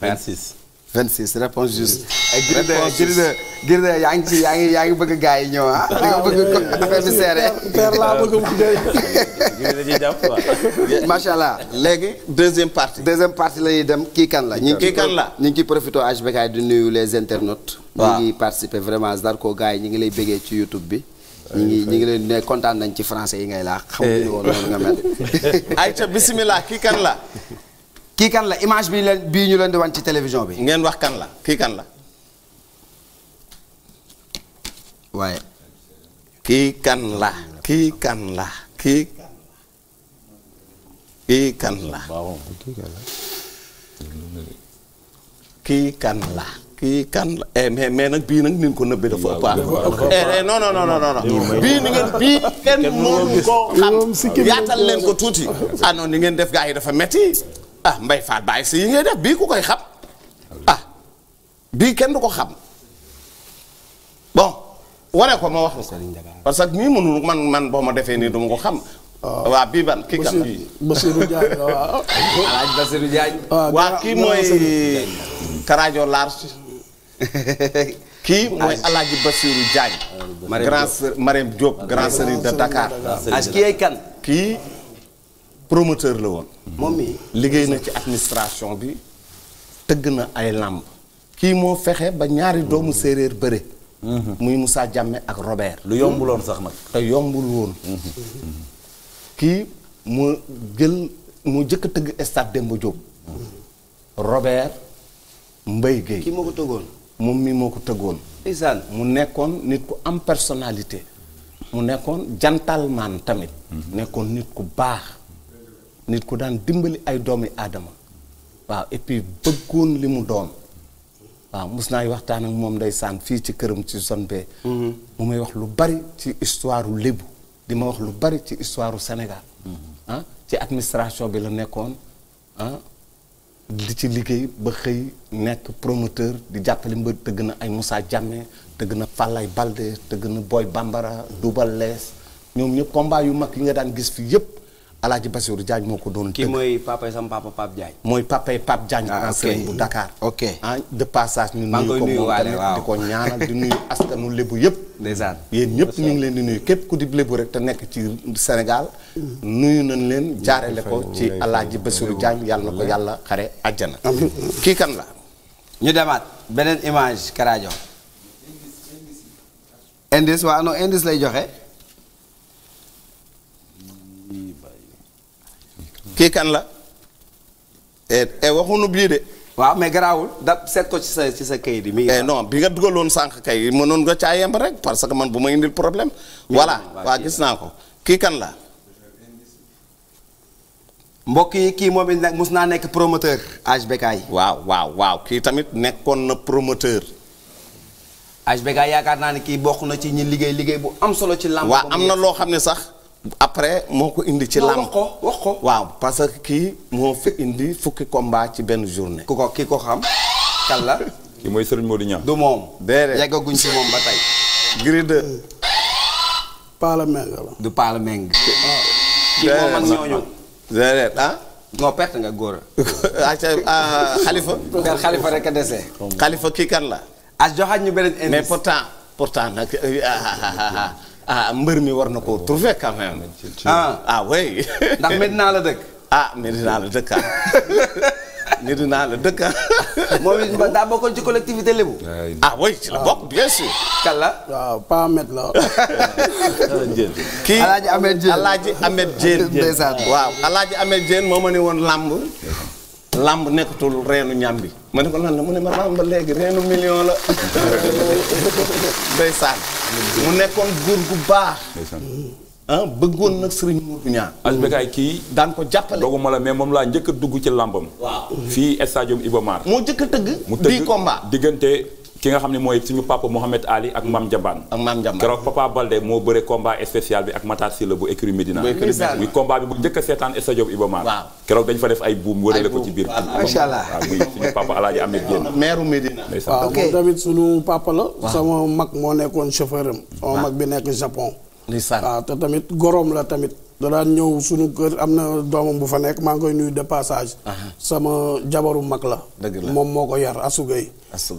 26. 26 réponse juste. ay girde girde yaa ngi ci yaa ngi yaa ngi bëgg gars yi ñëw ah. macha allah léegi deuxième partie. deuxième partie la ñuy dem kii kan la. ñu ngi kii kan la ñu ngi ciy profité di nuyu les internautes. waaw ñu ngi participer vraiment Zarko gars yi ñu ngi lay bëggee ci YouTube bi. ñu ngi ñu ngi leen ne kontaan nañ ci français yi ngay laa xamuñu woon noonu nga mel. ayca bisimilah kii kan la. kii kan la image bi leen bii ñu leen di wan ci télévision bi. ngeen wax kan la kii kan la. kii kan la. kii kan la kii. kii kan la. kii kan la. Eh, nag bii nag ni ko nëbbee dafa ëpp ah. Eh, eh, non non bii ni ngeen bii kenn mënu ko yaatal leen ko tuuti. ah non ngeen def gaa yi dafa metti ah Mbaye Fall bàyyi si yi ngay def bii ku koy xam ah, bii kenn du ko xam bon wane ko ma wax parce que nii mënul man man boo ma defee nii duma ko xam ah. euh, waa bii ban kii kan Bassirou ah, waa kii mooy Karajo Large kii mooy Alaaji Bassirou Diagne grand Marème Diop grand sëriñ de Dakar as kii kan kii promoteur la woon. Mhm. moom mii liggéey na ci administration bi tëgg na ay làmb kii moo fexe ba ñaari mhm. doomu séeréer bëre. Mhm. muy Moussa jàmme ak Robert. lu yombuloon sax nag. te yombul woon. kii mu jël mu jëkk a tëgg stade Demba Diop. Robert Mbaye Guèye. kii moo ko tëggoon. moom mii moo ko tëggoon. ndeysaan mu nekkoon nit ku am personnalité. mu nekkoon jantalmaan tamit. nekkoon nit ku baax. nit ku daan dimbali ay doomi aadama waaw et puis bëggoon li mu doon waaw mus naay waxtaan ak moom ndeysaan fii ci këram ci zone B mm-hmm. mu may wax lu bari ci histoire u di ma wax lu bari ci histoire u Sénégal mm-hmm. ah, ci administration bi la nekkoon ah, di ci liggéey ba xëy nekk promoteur di jàppale mbër tëgg na ay Moussa Diame tëgg na Fallay Balde tëgg na Boy Bambara Doubal Lees ñoom ñëpp combat yu mag yi nga daan gis fii yëpp Alaaji Bassirou Diagne moo ko doon tëgg. kii mooy papay sama papa Pape Diagne. mooy papay Pape Diagne. ah ok bu Dakar. ok ah de passage ñu nuyu ko moom tamit di ko ñaanal di nuyu askanu lébu yëpp. ndeysaan yéen ñëpp ñu ngi leen di nuyu képp ku di lébu rek te nekk ci Sénégal. nuyu na leen jaarale ko ci Alaaji Bassirou Diagne yàlla na ko yàlla xare àjjana. kii kan la. ñu demaat beneen image Karajo. indice waaw non indice lay joxe. kii kan la e eh, eh, waxunu bii de waaw mais garaawul da seet ko ci sa ci sa kayit mi eh, non bi nga dugaloon sànq kay mënoon nga caa yemb rek parce que man bu ma indil problème voilà waa gis naa ko kii kan la mbokk yi kii moom it nag mus naa nekk promoteur HBK waaw waaw waaw kii tamit nekkoon na promoteur HBK yaakaar naa ne kii bokk na ci ñi liggéey liggéey bu am solo ci làmb waaw am na loo xam ne sax après moo ko indi ci làmb waaw parce que kii moo fi indi fukki combat ci benn journée ku ko ki ko xam kan la du moom déedéet yeggaguñ ci ba tey Gris 2 Palameng la du Palameng kii moom ak ñooñu ah? perte nga góor a xalifa ah, per xalifa a dese xalifa kii kan la a ah, joxaat ñu beneen indi mais pourtant pourtant nag ah mbër mi war na ko trouver quand même. ah ah oui. ndax Medina la dëkk. ah Medina la dëkk ah. Medina la dëkk ah. moom it ma daa bokkoon ci collectivité Lébu. ah oui ci la bokk bien sûr. kàlla waaw Pa Ahmed la. kii Alaaji Ahmed Dieng Alaaji Ahmed Dieng. ndeysaan waaw Alaaji Ahmed làmb. làmb nekkatul reenu ñam ma ne ko lan la mu ne ma ràmb léegi reenu million la ndeysaan mu nekkoon góor gu baax ah bëggoon nag sëriñ Mourou Niang asbekaay kii daan ko jàppale doguma la mais moom laa njëkk dugg ci làmbam waaw fii stadium Iba moo njëkk a tëgg mu tëgg di diggante ki nga xam ne mooy suñu papa Mohamed Ali ak Mame Jambaan ak Mame Jambaan keroog papa Balde moo bëre combat spécial bi ak Matar Sylla bu écurie Médina muy combat bi bu njëkk a seetaan stade Iba Mar waaw keroog dañ fa def ay buum wërale ko ci biir macha allah waaw muy suñu papa Alaaji Ahmed Dieng maire Médina waaw moom tamit suñu papa la sama mag moo nekkoon chauffeur sama mag bi nekk Japon waaw te tamit gorom la tamit da ñëw suñu kër am na doomam bu fa nekk maa ngi koy nuyu de passage. sama jabaru mag la. moom moo ko yar asuga yi.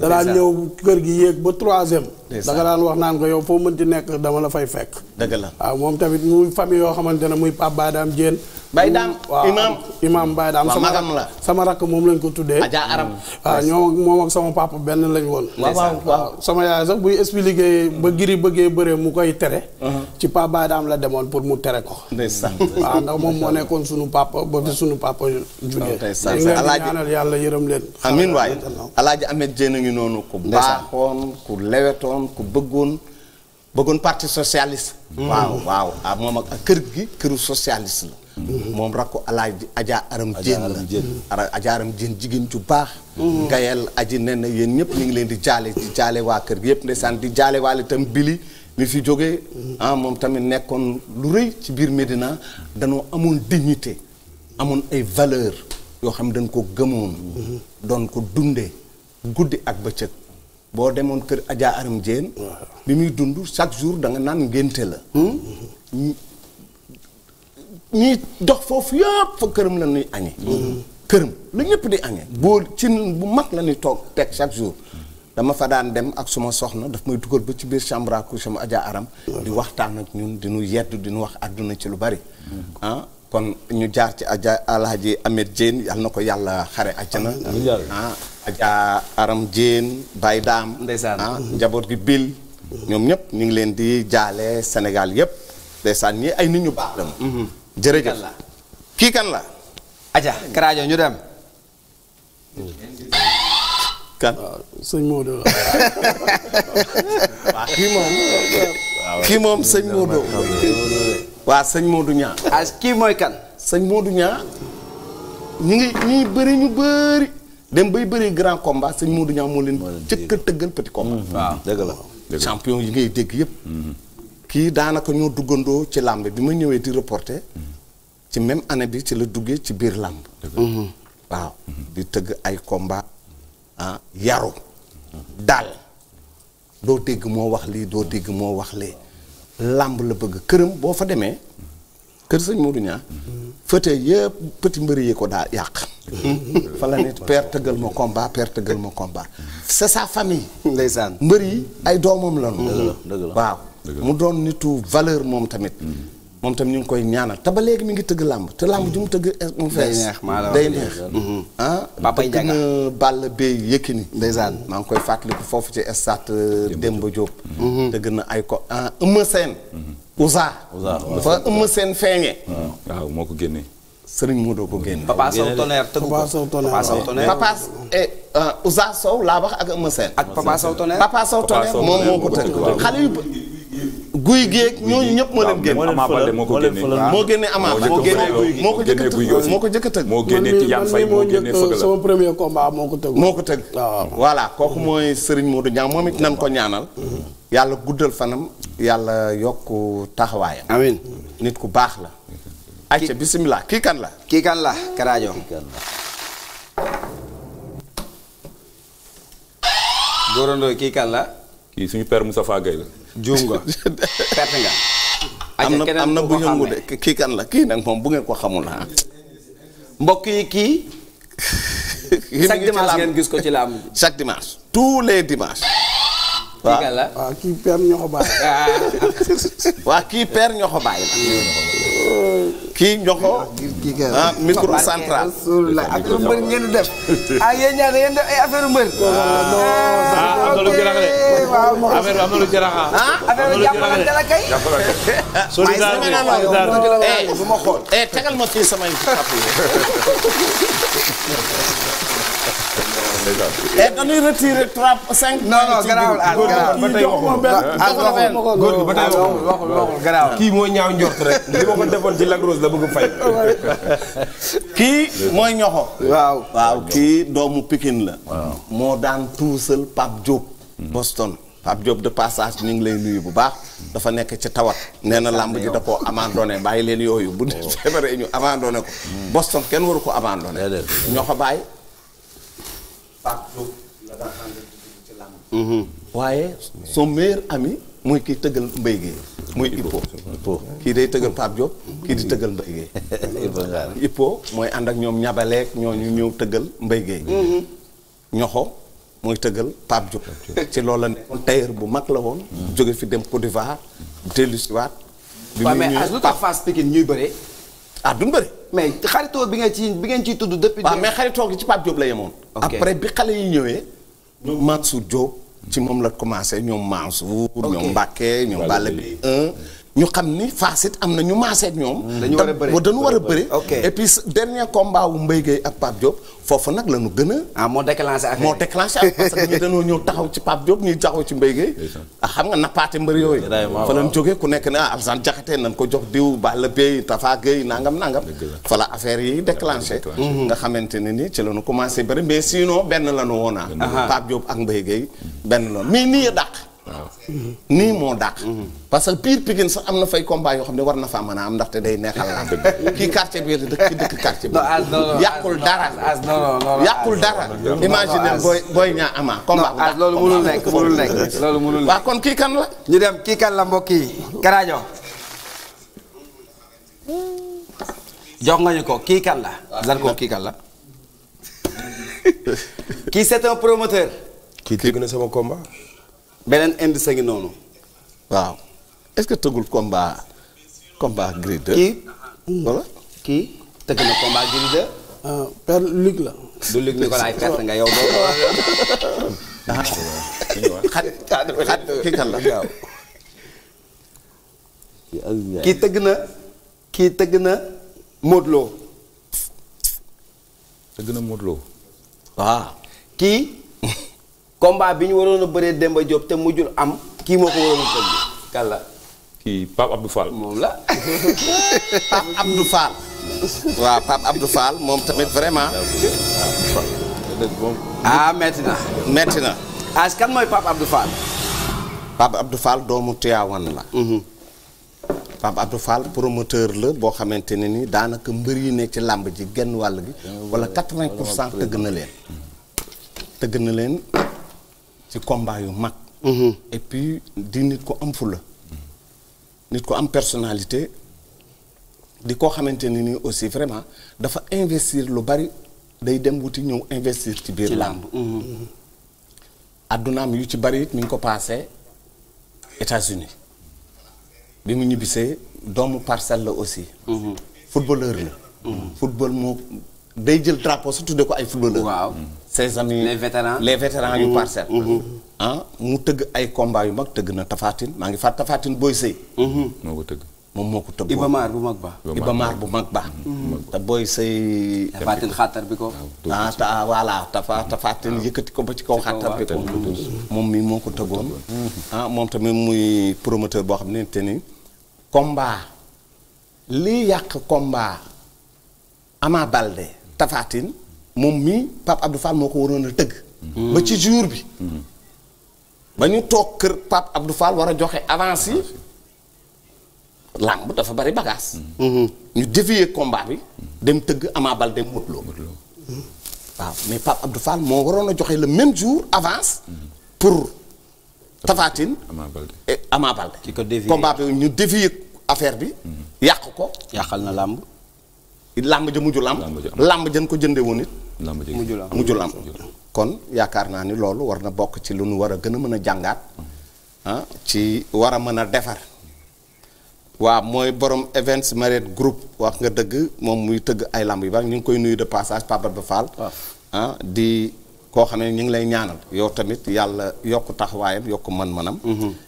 da daan ñëw kër gi yéeg ba troisième. da nga daan wax naan ko yow foo mënti nekk dama la fay fekk. dëgg la waaw moom tamit muy famille yoo xamante ne muy Pape Badam Dieng. bay Dame imaam imaam Baye Dame sama la sama rakk moom lañ ko tuddee. Adja Aram waaw ñoom moom ak sama papa benn lañ woon. waaw sama yaay sax buy expliqué ba giri bëggee bëree mu koy tere. Uh-huh. ci pa Baye Dame la demoon pour mu tere ko. waaw ndax moom moo nekkoon sunu papa ba fi sunu papa jugee. ndeysaan yàlla yërëm leen. amiin waay Alaaji Ahmed Dieng a ngi noonu. ku baaxoon ku lewetoon ku bëggoon. bëggoon parti socialiste. Mm. waaw waaw ah, moom ak kër gi këru socialiste la. moom rakku alaaji Adja Aram Dieng la Adja jigéen ju baax gayel aji nen na yéen ñëpp ñu ngi leen di jaale di jaale waa kër gi yëpp ndeysaan di jaale waale itam bili mi fi jógee ah moom tamit nekkoon lu rëy ci biir Médina danoo amoon dignité amoon ay valeur yoo xam dañ ko gëmoon doon ko dundee guddi ak bëccëg boo demoon kër Adja Aram Dieng bi muy dund chaque jour danga naan ngénte la hmm? ñi dox foofu yëpp fa këram la ñuy añee. këram la ñëpp di añee. boo ci bu mag la ñuy toog teg chaque jour. dama fa daan dem ak suma soxna daf may dugal ba ci biir chambre à coucher Aram. di waxtaan ak ñun di nu yedd di nu wax àdduna ci lu bari. ah kon ñu jaar ci Adja Alhaji Ahmed Dieng yal na ko yàlla xare àjjana. ah Adja Aram Dieng Baye Daam. ndeysaan ah, njaboot bi Bill. ñoom ñëpp ñu ngi leen di jaale Sénégal yëpp. ndeysaan ñi ay nit ñu baax la jërëjëf kii kan la. aja karaajo ñu dem. kan sëñ Modou. kii moom. sëñ Modou. waa sëñ Modou ñaa ah, kii mooy kan. sëñ Modou ñaa ñu ngi ñuy bëri ñu bëri. dem bay bëri grand combat sëñ Modou ñaa moo leen. moo leen cëkk tëggal petit combat. dëgg la champion yi ngay dégg yëpp. Mm-hmm. kii daanaka ñoo duggandoo ci làmb bi ma ñëwee di reporter ci même année bi ci la duggee ci biir làmb mhm. waaw di tëgg ay combat ah, yaru daal doo dégg moo wax lii doo dégg moo wax lee làmb la bëgg këram boo fa demee kër sëñ Modou Niang fëtee yëpp petit mbëri yi ko daa yàq fa la nit père tëggal ma combat père tëggal ma combat c'est sa famille ndeysaan mbër yi ay doomam lañu dëgg waaw mu doon nitu valeur moom tamit. Mm-hmm. moom tamit ñu ngi koy ñaanal te ba léegi mi ngi tëgg làmb te làmb ju mu tëgg eh, mu fees day neex mm-hmm. ah papay jaga bàll bay Yékini ndeysaan maa ngi koy fàttaliku foofu ci stade euh, Demba Diop mm-hmm. tëgg na ay ko ah Eumeu Sène Ouza fa Eumeu Sène feeñe waaw moo ko génnee sëriñ Modou ko génne Papa Sow Tonnerre ko Papa Sow Tonnerre Papa eh, euh, Ouza laa wax ak Eumeu Sène ak moom moo ko tëgg xale yu guy geeg ñooñu ñëpp moo leen génn. Ama Baldé moo ko génne moo génne Ama moo génne guy gi moo ko jëkk a tëgg moo ko jëkk a tëgg moo génne Tidiane Faye moo génne Fëgala sama premier combat moo ko tëgg moo ko tëgg voilà kooku mooy Serigne Modou Niang moom it nan ko ñaanal yàlla guddal fanam yàlla yokk taxawaayam amiin nit ku baax la ayca bisimilah kii kan la kii kan la Karaajo Góorandoo kii kan la kii suñu père Moussa Faye Gueye la juum nga perte am na am na bu yëngu de kii kan la kii nag moom bu ngeen ko xamul ah. mbokk yi kii. chaque ngeen gis ko ci làmb chaque dimanche tous les dimanches. waaw kii kan la waaw kii père ñoxo bàyyi. waa kii père ñoxo bàyyi la. kii Ndiokho. ah micro central. ak lu mbër ngeen def. ah yéen ñaar yéen def mbër. Ah, ah, ah, am na lu jarax de. affaire am na lu jarax ah. la kay. solidarité solidarité. bu ma xool. Eh, Eh, et ah, ah, ah, kii mooy li ma la bëgg fay. mooy ñoxo. waaw waaw kii doomu pikin la. moo daan tuusal Pape Diop. Boston. Pape Diop de passage ñu ngi lay nuyu bu baax dafa nekk ci tawat nee na làmb ji da koo abandonné bàyyi leen yooyu bu dee oh. feebaree ñu abandonné ko Boston kenn waru ko abandonné ñoo ko bàyyi Pape mhm. waaye son meilleur ami. muy kii tëggal mbay gi muy Ippo kii day tëggal Pape Diop kii di mhm. tëggal mbay gi ipo mooy ànd ak ñoom ñabaleek ñooñu ñëw tëggal mbay gi mhm. ñoxo mooy tëggal Pape Diop ci loolu la nekkoon bu mag la woon jóge fi dem Côte d'Ivoire dellusiwaat bi muy ñuy Fass Pikine ñuy bëree ah duñ bëri mais xaritoo bi nga ci bi ngeen ciy tudd depuis. waaw mais xaritoo gi ci Pape Diop la yemoon. après bi xale yi ñëwee. ñoom Mansour Diop. ci moom la commencé ñoom Mansour. ñoom Mbacké ñoom Balla bi ñu xam ni facette am na ñu maaseeg ñoom. dañu war a bëre war a bëre et puis dernier combat wu Mbaye Gueye ak Pape Diop foofu nag la ñu gën ah, moo déclenché ak moo déclenché parce que ñëw taxaw ci Pape Diop ñuy taxaw ci Mbaye Gueye. ah xam nga nappaate mbër yooyu. fa lañ jógee ku nekk ne ah Amzane Diakhaté nañ ko jox diw la Beye Tafa Gueye nangam nangam. fa la affaire yi déclenché. nga xamante ne ni ci la ñu commencé bëri mais sinon benn la ñu woon ah. Pape Diop ak Mbaye Gueye benn la mais waaw nii moo dàq. parce que pire Pikine sax am na fay combat yoo xam ne war na faa mën a am ndaxte day neexal ah, la kii quartier bi dëkk yàqul dara. yàqul dara. imagine booy booy ñaa ama. combat loolu mënul nekk mënul kon kii kan la. ñu dem kii kan la mbokk yi. Karajo. jox nga ñu ko kii kan la. Zarko kii kan la. kii c'est un promoteur. kii tëgg na sama combat. beneen indi sa noonu. waaw est-ce que tëggul combat combat Gris kii voilà kii tëgg na euh, la. du Luc Nicolaï kii tëgg na kii tëgg na Modou Lo. na Modou waaw combat bi ñu waroon a bëree Demba Diop te mujjul am kii moo ko waroon a bëgg kàlla. kii Pape Abdou Fall. moom la Pape Abdou Fall. waaw Pape Abdou Fall moom tamit vraiment. ah metti na. metti na. ah kan mooy Pape Abdou Fall. Pape Abdou Fall doomu Tiwaawan la. Mhm. Pape Abdou Fall promoteur la boo xamante ne ni daanaka mbër yi ne ci làmb ji genn wàll gi. wala 80 pour cent tëgg na leen. tëgg na leen ci combat yu mag. Mm-hmm. et puis di nit ko am fula. nit ko am personnalité di koo xamante ne nii aussi vraiment dafa investir lu bari day dem wuti ñëw investir ci biir làmb mm-hmm. Mm-hmm. addunaam yu ci bari it mi ngi ko paasee États-Unis bi mu ñibbisee doomu parcelle la aussi. footballeur la. football moo day jël drapeau su tuddee ko ay footballeurs. waaw ses amis les vétérans les vétérans yu mmh. parcelle. Mmh. Ah, mu tëgg ay combat yu mag tëgg na tafaatin maa ngi fàtt Tafatine Boy Sey. Mmh. moo ko tëgg. moom mag ba. bu mag booy say. tafaatin voilà tafa ko ci kaw xaatar bi ko. moom mii moo ko tëggoon. Ah, moom tamit muy promoteur boo xam ne te ni. combat lii yàq combat Ama Baldé. Tafatine moom mii Pape Abdou Fall moo ko waroon a tëgg. ba ci jour bi. ba ñu toog kër Pape Abdou war a joxe avance yi. làmb dafa bari bagage. ñu dévier combat bi. dem tëgg Ama Baldé Modou Lô. waaw mais Pape Abdou moo waroon a joxe la même jour avance. pour Tafatine. Ama Baldé combat bi ñu dévier affaire bi. Mm-hmm. yàq ko. yàqal na làmb. làmb ja mujj làmb làmb jën ko jënde woon it mujj làmb kon yaakaar naa ni loolu war na bokk ci lu nu war a gën a mën a jàngaat ah ci war a mën a defar waaw mooy borom Events Marriott Group wax nga dëgg moom muy tëgg ay làmb yu bari ñu ngi koy nuyu de passage Pape Ba Fall ah di koo xam ne ñu ngi lay ñaanal yow tamit yàlla yokk taxawaayam yokk mën-mënam mm-hmm.